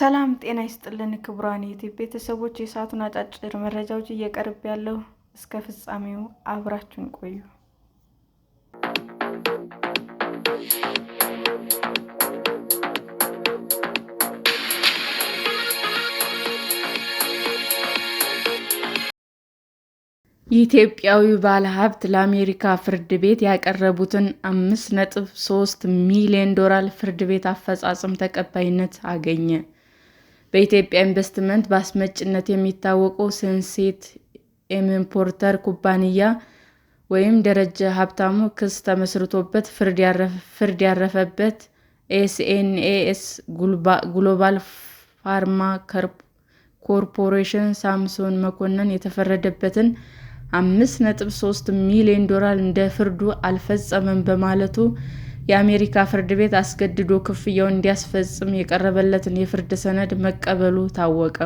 ሰላም ጤና ይስጥልን ክቡራን ዩቲዩብ ቤተሰቦች፣ የሰዓቱን አጫጭር መረጃዎች እየቀርብ ያለው እስከ ፍጻሜው አብራችሁን ቆዩ። ኢትዮጵያዊ ባለሀብት ለአሜሪካ ፍርድ ቤት ያቀረቡትን አምስት ነጥብ ሶስት ሚሊዮን ዶላር ፍርድ ቤት አፈጻጸም ተቀባይነት አገኘ። በኢትዮጵያ ኢንቨስትመንት በአስመጭነት የሚታወቀው ሰንሴት ኢምፖርተር ኩባንያ ወይም ደረጀ ሀብታሙ ክስ ተመስርቶበት ፍርድ ያረፈበት ኤስኤንኤስ ግሎባል ፋርማ ኮርፖሬሽን ሳምሶን መኮንን የተፈረደበትን አምስት ነጥብ ሶስት ሚሊዮን ዶላር እንደ ፍርዱ አልፈጸመም በማለቱ የአሜሪካ ፍርድ ቤት አስገድዶ ክፍያውን እንዲያስፈጽም የቀረበለትን የፍርድ ሰነድ መቀበሉ ታወቀ።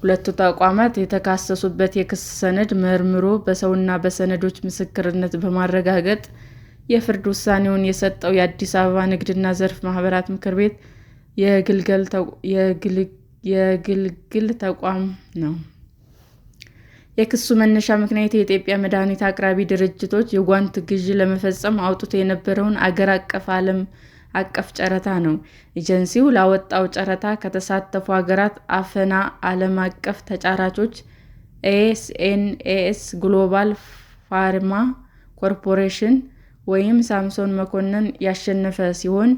ሁለቱ ተቋማት የተካሰሱበት የክስ ሰነድ መርምሮ በሰውና በሰነዶች ምስክርነት በማረጋገጥ የፍርድ ውሳኔውን የሰጠው የአዲስ አበባ ንግድና ዘርፍ ማህበራት ምክር ቤት የግልግል ተቋም ነው። የክሱ መነሻ ምክንያት የኢትዮጵያ መድኃኒት አቅራቢ ድርጅቶች የጓንት ግዢ ለመፈጸም አውጥቶ የነበረውን አገር አቀፍ ዓለም አቀፍ ጨረታ ነው። ኤጀንሲው ላወጣው ጨረታ ከተሳተፉ ሀገራት አፈና ዓለም አቀፍ ተጫራቾች ኤስኤንኤስ ግሎባል ፋርማ ኮርፖሬሽን ወይም ሳምሶን መኮንን ያሸነፈ ሲሆን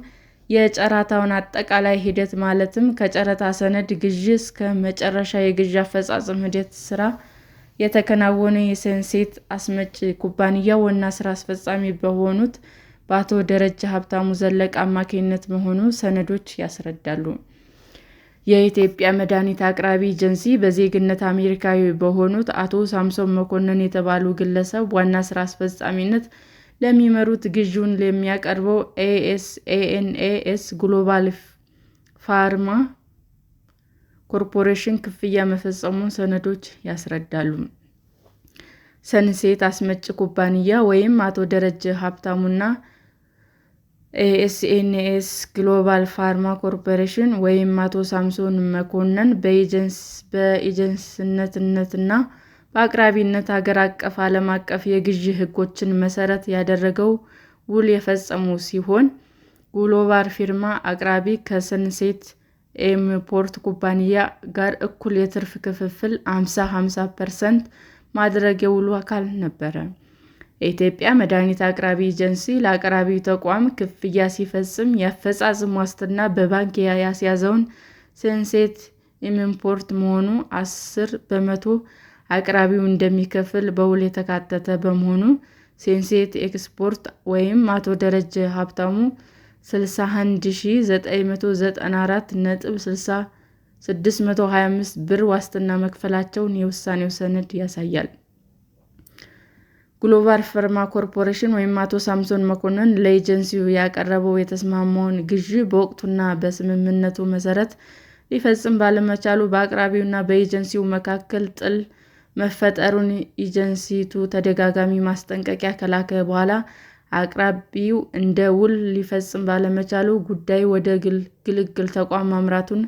የጨረታውን አጠቃላይ ሂደት ማለትም ከጨረታ ሰነድ ግዢ እስከ መጨረሻ የግዢ አፈጻጸም ሂደት ስራ የተከናወነ የሰንሴት አስመጭ ኩባንያ ዋና ስራ አስፈጻሚ በሆኑት በአቶ ደረጀ ሀብታሙ ዘለቀ አማካኝነት መሆኑ ሰነዶች ያስረዳሉ። የኢትዮጵያ መድኃኒት አቅራቢ ኤጀንሲ በዜግነት አሜሪካዊ በሆኑት አቶ ሳምሶን መኮንን የተባሉ ግለሰብ ዋና ስራ አስፈጻሚነት ለሚመሩት ግዢውን ለሚያቀርበው ኤስኤንኤስ ግሎባል ፋርማ ኮርፖሬሽን ክፍያ መፈጸሙን ሰነዶች ያስረዳሉ። ሰንሴት አስመጭ ኩባንያ ወይም አቶ ደረጀ ሀብታሙና ኤስኤንኤስ ግሎባል ፋርማ ኮርፖሬሽን ወይም አቶ ሳምሶን መኮንን በኤጀንስነትነትና በአቅራቢነት ሀገር አቀፍ ዓለም አቀፍ የግዢ ሕጎችን መሰረት ያደረገው ውል የፈጸሙ ሲሆን ግሎባል ፊርማ አቅራቢ ከሰንሴት ኤምፖርት ኩባንያ ጋር እኩል የትርፍ ክፍፍል 50 50 ፐርሰንት ማድረግ የውሉ አካል ነበረ። የኢትዮጵያ መድኃኒት አቅራቢ ኤጀንሲ ለአቅራቢው ተቋም ክፍያ ሲፈጽም የአፈጻጽም ዋስትና በባንክ ያስያዘውን ሴንሴት ኤምፖርት መሆኑ አስር በመቶ አቅራቢው እንደሚከፍል በውል የተካተተ በመሆኑ ሴንሴት ኤክስፖርት ወይም አቶ ደረጀ ሀብታሙ 61994.625 ብር ዋስትና መክፈላቸውን የውሳኔው ሰነድ ያሳያል። ግሎባል ፋርማ ኮርፖሬሽን ወይም አቶ ሳምሶን መኮንን ለኤጀንሲው ያቀረበው የተስማማውን ግዢ በወቅቱና በስምምነቱ መሠረት ሊፈጽም ባለመቻሉ በአቅራቢውና በኤጀንሲው መካከል ጥል መፈጠሩን ኤጀንሲቱ ተደጋጋሚ ማስጠንቀቂያ ከላከ በኋላ አቅራቢው እንደ ውል ሊፈጽም ባለመቻሉ ጉዳይ ወደ ግልግል ተቋም ማምራቱን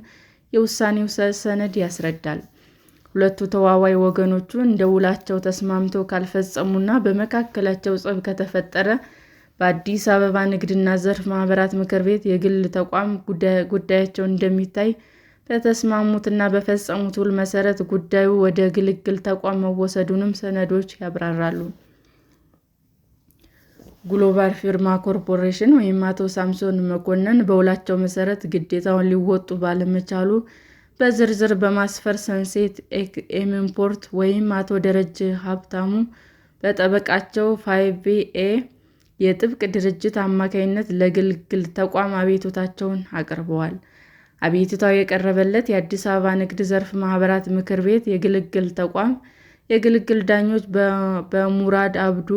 የውሳኔው ሰነድ ያስረዳል። ሁለቱ ተዋዋይ ወገኖች እንደ ውላቸው ተስማምተው ካልፈጸሙና በመካከላቸው ጸብ ከተፈጠረ በአዲስ አበባ ንግድና ዘርፍ ማህበራት ምክር ቤት የግል ተቋም ጉዳያቸው እንደሚታይ በተስማሙትና በፈጸሙት ውል መሠረት ጉዳዩ ወደ ግልግል ተቋም መወሰዱንም ሰነዶች ያብራራሉ። ግሎባል ፊርማ ኮርፖሬሽን ወይም አቶ ሳምሶን መኮንን በውላቸው መሰረት ግዴታውን ሊወጡ ባለመቻሉ በዝርዝር በማስፈር ሰንሴት ኤምፖርት ወይም አቶ ደረጀ ሀብታሙ በጠበቃቸው ፋይቪኤ የጥብቅ ድርጅት አማካኝነት ለግልግል ተቋም አቤቱታቸውን አቅርበዋል። አቤቱታው የቀረበለት የአዲስ አበባ ንግድ ዘርፍ ማህበራት ምክር ቤት የግልግል ተቋም የግልግል ዳኞች በሙራድ አብዱ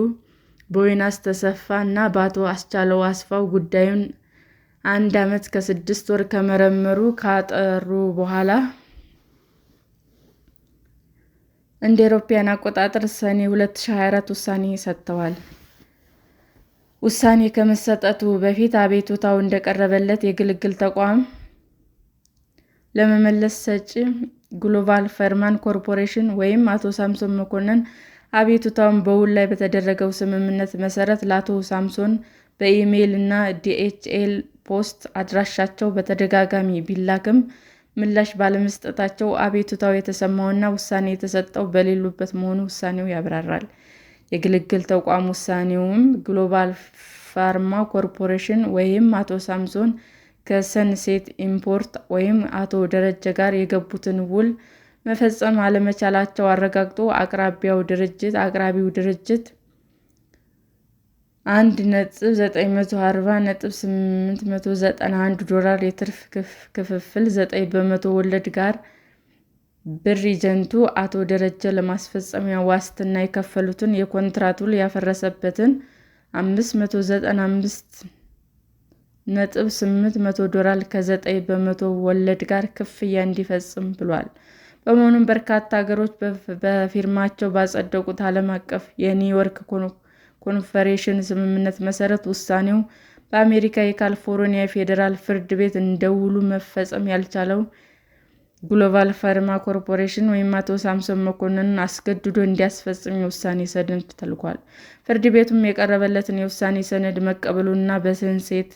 በዮናስ ተሰፋ እና በአቶ አስቻለው አስፋው ጉዳዩን አንድ ዓመት ከስድስት ወር ከመረመሩ ካጠሩ በኋላ እንደ አውሮፓውያን አቆጣጠር ሰኔ 2024 ውሳኔ ሰጥተዋል። ውሳኔ ከመሰጠቱ በፊት አቤቱታው እንደቀረበለት የግልግል ተቋም ለመመለስ ሰጪ ግሎባል ፈርማን ኮርፖሬሽን ወይም አቶ ሳምሶን መኮንን አቤቱታውን በውል ላይ በተደረገው ስምምነት መሰረት ለአቶ ሳምሶን በኢሜይል እና ዲኤችኤል ፖስት አድራሻቸው በተደጋጋሚ ቢላክም ምላሽ ባለመስጠታቸው አቤቱታው የተሰማውና ውሳኔ የተሰጠው በሌሉበት መሆኑ ውሳኔው ያብራራል። የግልግል ተቋም ውሳኔውም ግሎባል ፋርማ ኮርፖሬሽን ወይም አቶ ሳምሶን ከሰንሴት ኢምፖርት ወይም አቶ ደረጀ ጋር የገቡትን ውል መፈጸም አለመቻላቸው አረጋግጦ አቅራቢያው ድርጅት አቅራቢው ድርጅት አንድ ነጥብ ዘጠኝ መቶ አርባ ነጥብ ስምንት መቶ ዘጠና አንድ ዶላር የትርፍ ክፍፍል ዘጠኝ በመቶ ወለድ ጋር ብር ኤጀንቱ አቶ ደረጀ ለማስፈጸሚያ ዋስትና የከፈሉትን የኮንትራቱን ያፈረሰበትን አምስት መቶ ዘጠና አምስት ነጥብ ስምንት መቶ ዶላር ከዘጠኝ በመቶ ወለድ ጋር ክፍያ እንዲፈጽም ብሏል። በመሆኑም በርካታ ሀገሮች በፊርማቸው ባጸደቁት ዓለም አቀፍ የኒውዮርክ ኮንፈሬሽን ስምምነት መሰረት ውሳኔው በአሜሪካ የካሊፎርኒያ ፌዴራል ፍርድ ቤት እንደውሉ መፈጸም ያልቻለው ግሎባል ፋርማ ኮርፖሬሽን ወይም አቶ ሳምሶን መኮንንን አስገድዶ እንዲያስፈጽም የውሳኔ ሰነድ ተልኳል። ፍርድ ቤቱም የቀረበለትን የውሳኔ ሰነድ መቀበሉና በሰንሴት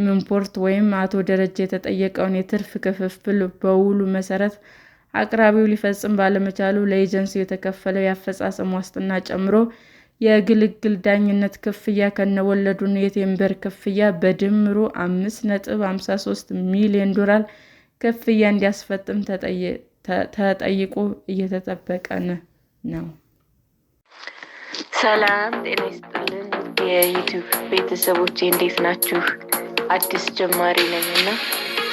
ኢምፖርት ወይም አቶ ደረጀ የተጠየቀውን የትርፍ ክፍፍል በውሉ መሰረት አቅራቢው ሊፈጽም ባለመቻሉ ለኤጀንሲው የተከፈለው የአፈጻጸም ዋስትና ጨምሮ የግልግል ዳኝነት ክፍያ ከነወለዱና የቴምበር ክፍያ በድምሩ አምስት ነጥብ ሶስት ሚሊዮን ዶላር ክፍያ እንዲያስፈጥም ተጠይቆ እየተጠበቀ ነው። ሰላም ጤና ይስጥልን። የዩቱብ ቤተሰቦች እንዴት ናችሁ? አዲስ ጀማሪ ነኝ እና